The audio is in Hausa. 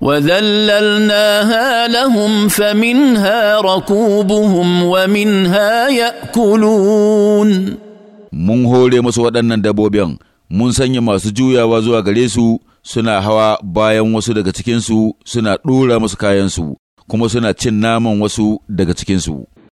وذللناها لهم فمنها ركوبهم ومنها ياكلون mun hore musu waɗannan dabbobin mun sanya masu juyawa zuwa gare su suna hawa bayan wasu daga cikinsu suna ɗora musu kayansu kuma suna cin naman wasu daga cikinsu